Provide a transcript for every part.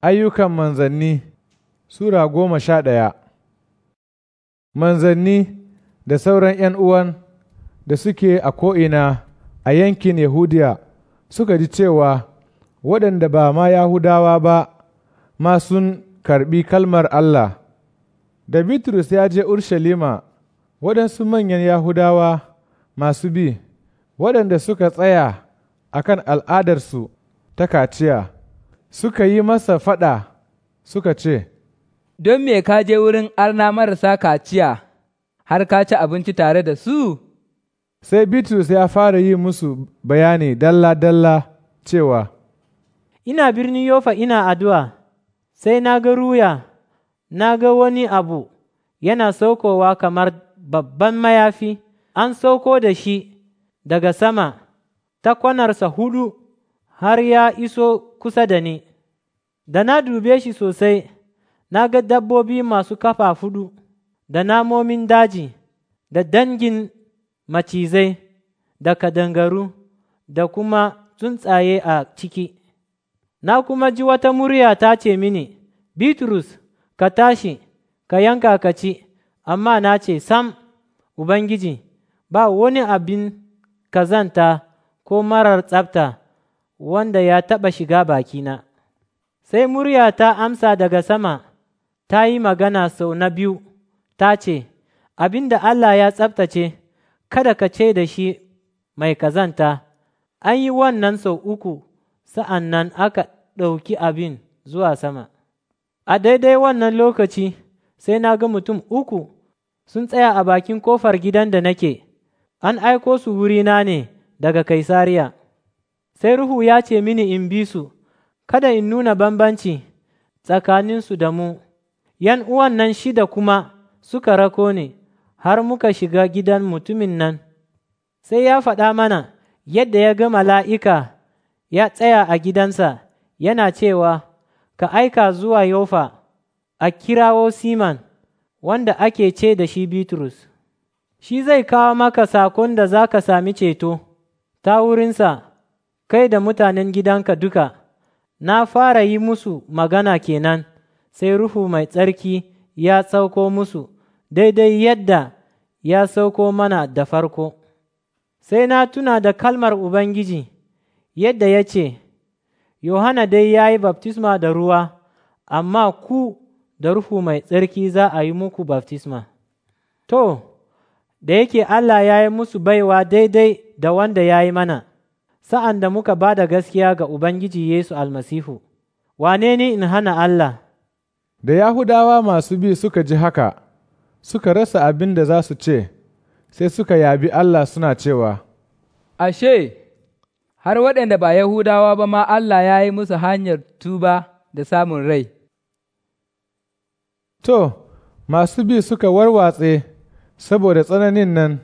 Ayyukan manzanni Sura goma sha ɗaya Manzanni da sauran ’yan uwan da suke a ko'ina a yankin Yahudiya suka ji cewa waɗanda ba ma Yahudawa ba ma sun karɓi kalmar Allah. Da Bitrus ya je Urshalima waɗansu manyan Yahudawa masu bi waɗanda suka tsaya a kan al'adarsu ta kaciya. suka yi masa faɗa suka ce, Don me ka je wurin arna marasa kaciya har ka ci abinci tare da su? Sai Bitrus ya fara yi musu bayani dalla-dalla cewa, Ina birnin Yofa ina addu'a, sai na ga ruya, na ga wani abu yana saukowa kamar babban mayafi, an sauko da shi daga sama, ta kwanarsa hudu. har ya iso kusa da ni, da na dube shi sosai, na ga dabbobi masu kafa fudu, da namomin daji, da dangin macizai, da kadangaru, da kuma tsuntsaye a ciki. Na kuma ji wata murya ta ce mini, Bitrus, ka tashi, ka yanka ka ci, amma na ce, Sam, Ubangiji, ba wani abin kazanta ko marar tsabta. wanda ya taɓa shiga bakina. Sai murya ta amsa daga sama, ta yi magana sau na biyu, ta ce, Abin da Allah ya tsabtace, kada ka ce da shi mai kazanta, an yi wannan sau uku, sa'an nan aka ɗauki abin zuwa sama. A daidai wannan lokaci, sai na ga mutum uku sun tsaya a bakin kofar gidan da nake, an aiko su wurina ne daga Kaisariya. sai Ruhu ya ce mini in bi su, kada in nuna bambanci tsakaninsu da mu, ’yan uwan nan shida kuma suka rako ne, har muka shiga gidan mutumin nan, sai ya faɗa mana yadda ya ga mala'ika ya tsaya a gidansa, yana cewa, Ka aika zuwa Yofa, a kirawo Siman, wanda ake ce da shi Bitrus, shi zai kawo maka sakon da za ka sami ceto ta wurinsa. kai da mutanen gidanka duka, na fara yi musu magana kenan, sai Ruhu mai tsarki ya sauko musu daidai yadda ya sauko mana da farko. Sai na tuna da kalmar Ubangiji yadda ya ce, Yohana dai ya yi baftisma da ruwa, amma ku da Ruhu mai tsarki za a yi muku baftisma. To, da yake Allah ya yi musu baiwa daidai da wanda ya yi mana. sa'an da muka ba da gaskiya ga Ubangiji Yesu almasihu, wane ne in hana Allah? Da Yahudawa masu bi suka ji haka, suka rasa abin da za su ce, sai suka yabi Allah suna cewa, Ashe, har waɗanda ba Yahudawa ba ma Allah ya yi musu hanyar tuba da samun rai. To, masu bi suka warwatse saboda tsananin nan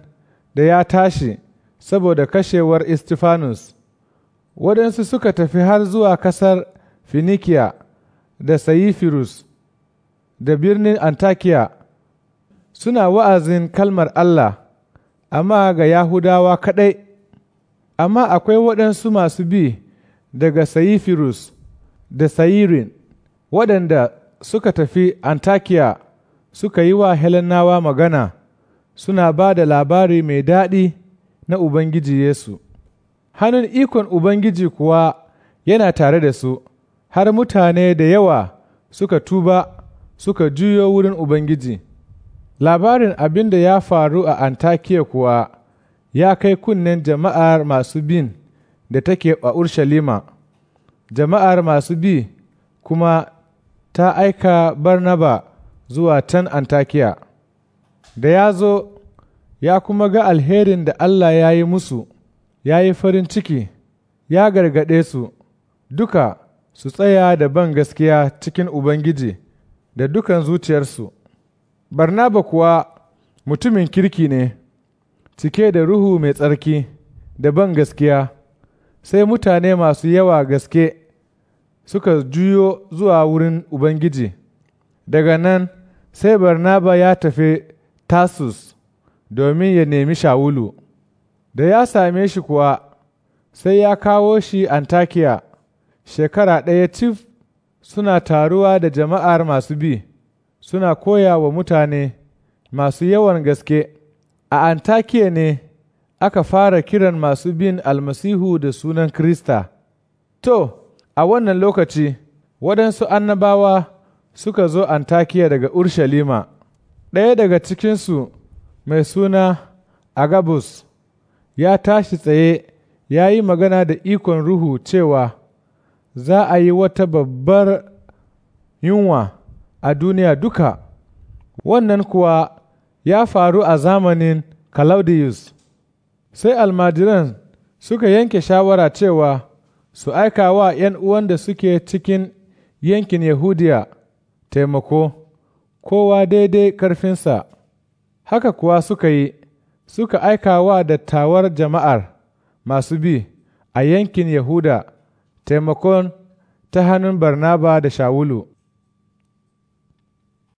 da ya tashi saboda kashewar Istifanus, waɗansu suka tafi har zuwa ƙasar Finikiya da Sayifirus da birnin Antakiya suna wa'azin kalmar Allah, amma ga Yahudawa kaɗai, amma akwai waɗansu masu bi daga Sayifirus da Sayirin waɗanda suka tafi Antakiya suka yi wa Helenawa magana, suna ba da labari mai daɗi. na Ubangiji Yesu, hannun ikon Ubangiji kuwa yana tare da su, har mutane da yawa suka tuba suka juyo wurin Ubangiji. Labarin abin da ya faru a Antakiya kuwa ya kai kunnen jama'ar masu bin da take a Urshalima, jama'ar masu bi kuma ta aika Barnaba zuwa can Antakiya. Da ya zo ya kuma ga alherin da Allah ya yi musu, ya yi farin ciki, ya gargaɗe su, duka su tsaya da ban gaskiya cikin Ubangiji da dukan zuciyarsu. Barnaba kuwa mutumin kirki ne, cike da ruhu mai tsarki da ban gaskiya, sai mutane masu yawa gaske suka juyo zuwa wurin Ubangiji. Daga nan sai Barnaba ya tafi Tarsus. domin ya nemi Shawulu, da ya same shi kuwa sai ya kawo shi Antakiya shekara ɗaya cif suna taruwa da jama'ar masu bi, suna koya wa mutane masu yawan gaske. A Antakiya ne aka fara kiran masu bin almasihu da sunan Krista. To, a wannan lokaci, waɗansu annabawa suka zo Antakiya daga Urshalima, ɗaya daga cikinsu mai suna Agabus ya tashi tsaye ya yi magana da ikon Ruhu cewa za a yi wata babbar yunwa a duniya duka, wannan kuwa ya faru a zamanin Claudius. Sai almajiran suka yanke shawara cewa su aika wa ’yan uwan da suke cikin yankin Yahudiya taimako, kowa daidai karfinsa Haka kuwa suka yi, suka aika wa dattawar jama'ar masu bi a yankin Yahuda taimakon ta hannun Barnaba da Shawulu.